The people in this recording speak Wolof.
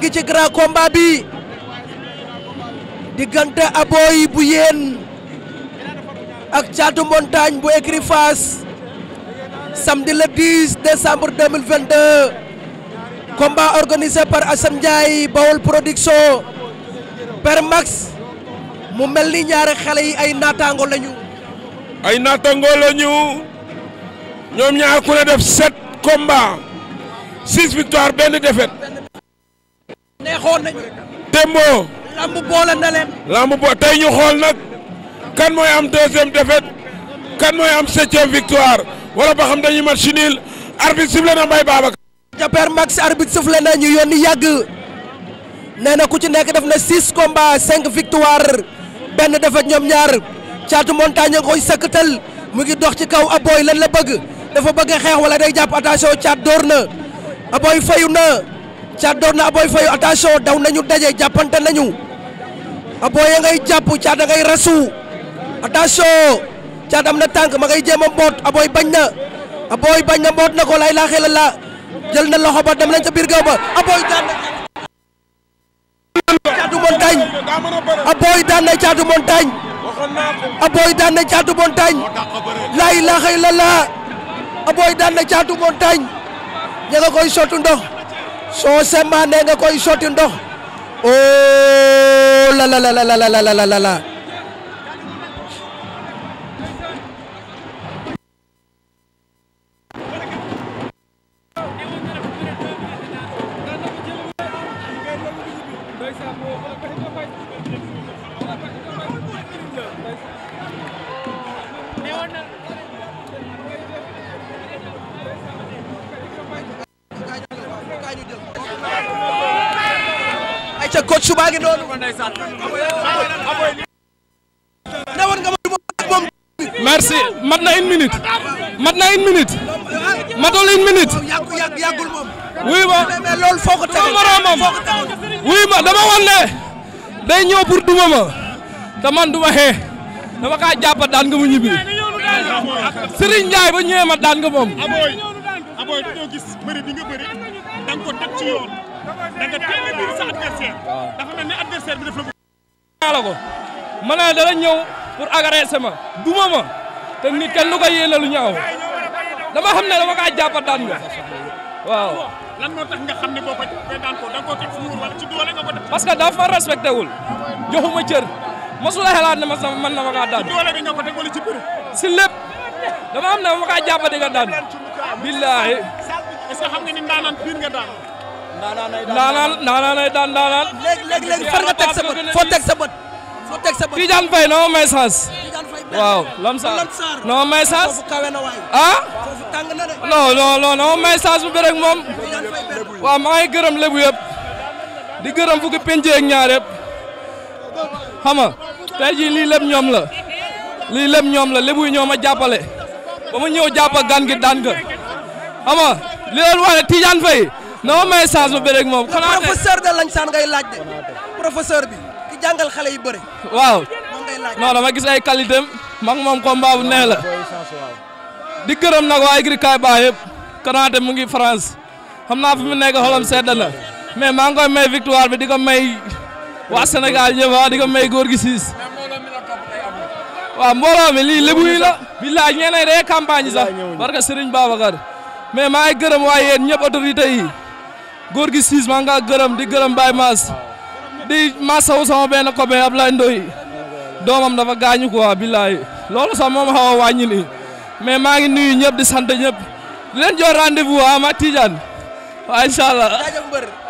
gi ci grand combat bi diggante Aboy bu yéen ak Thiatou Montagne bu écurie Fass samedi le 10 décembre 2022 combat organisé par Assane Ndiaye production Permax mu mel ni ñaari xale yi ay naataango lañu. ay naataango lañu ñoom ñaar ku ne def sept combats six victoires benn défaite. neexoon nañu. lamb boole na leen. lamb boole tey ñu xool nag kan mooy am deuxième défaite kan mooy am septième victoire wala ba xam dañuy match nul arbitre sifflé na Mbaye Babacar. Japer Max arbitre sifflé na ñu yónni yàgg nee na ku ci nekk def na six combats cinq victoire benn défaite ñoom ñaar caatu montagne nga koy sëkkatal mu ngi dox ci kaw Aboy lan la bëgg dafa bëgg xeex wala day jàpp attention caat door na Aboy fayu na. caat door na Aboy Faye attention daw nañu daje jàppante nañu Aboy a ngay jàpp caat a ngay rasu attention caat am na tànk ma ngay jéem a mboot Aboy bañ na Aboy bañ na mboot na ko lay laaxee la jël na loxo ba dem nañ ca biir gaw ba Aboy daan na caatu montagne Aboy daan na caatu montagne Aboy lay laaxee la la daan na caatu montagne ña nga koy sotu ndox. soo sembaandee nga koy sotti ndox oh la la la la la la la Thank you. ca coach su baa ngi noonu. newoon mat na une minute. mat na une minute. matul une minute. yàggul yàggul wuy ma mais loolu tege wuy ma dama wan ne. day ñëw pour duma ma. te man du ma xee. dama kaa jàpp daan nga mu ñibbi. Serigne Ndiaye ba ñëwee ma daan nga moom. da nga a biir sa adversaire. dafa mel ne naa la ko ma ne ma duma ma te nit kenn lu ko yéene lu ñaaw dama xam ne dama kaa jàpp daan nga waaw. parce que dafa respecté wul joxuma cër mosula xalaat ne ma sama man na ma kaa daan. si lépp dama xam ne dama kaa jàpp di daan. billaahi. ndaanaan ndaanaan ay daan teg sa bët foo teg sa sa bët Tidiane Faye noo may chance. waaw Lam Sarr noo may chance. ah. non non moom. waaw maa gërëm lébu yëpp. di gërëm fukki penc ak ñaar yëpp. xam nga lii lépp ñoom la. lii lépp ñoom la lébu yi ñoo ma jàppale. ba ma ñëw jàpp gan gi daan nga. xam nga li leen wax non may chance ma bëreeg moom. xanaa de lañ saan ngay laaj de. professeur bi ki jàngal xale yu bëri. waaw moom ngay laaj gis ay qualité moom combat bu neex la. di gërëm nag waa Igri Kaay Ba yëpp. Konaté mu ngi France xam naa fi mu nekk xolam sedd na mais maa ngi may victoire bi di ko may waa Sénégal ñëpp ah di may góor gi siis. waaw mbooloo mi lii lébu yi la. billaay ñeneen day campagne sax barka Serigne Babacar mais maa gërëm waaye yéen ñëpp yi. góor gi siis maa ngaa gërëm di gërëm Baye Mass di masawu sama benn copain Ablaye Ndoye doomam dafa gaañu quoi billaay loolu sax moom xaw a wàññi nii mais maa ngi nuyu ñëpp di sant ñëpp di leen jox rendez-vous ah ma Tidiane waaw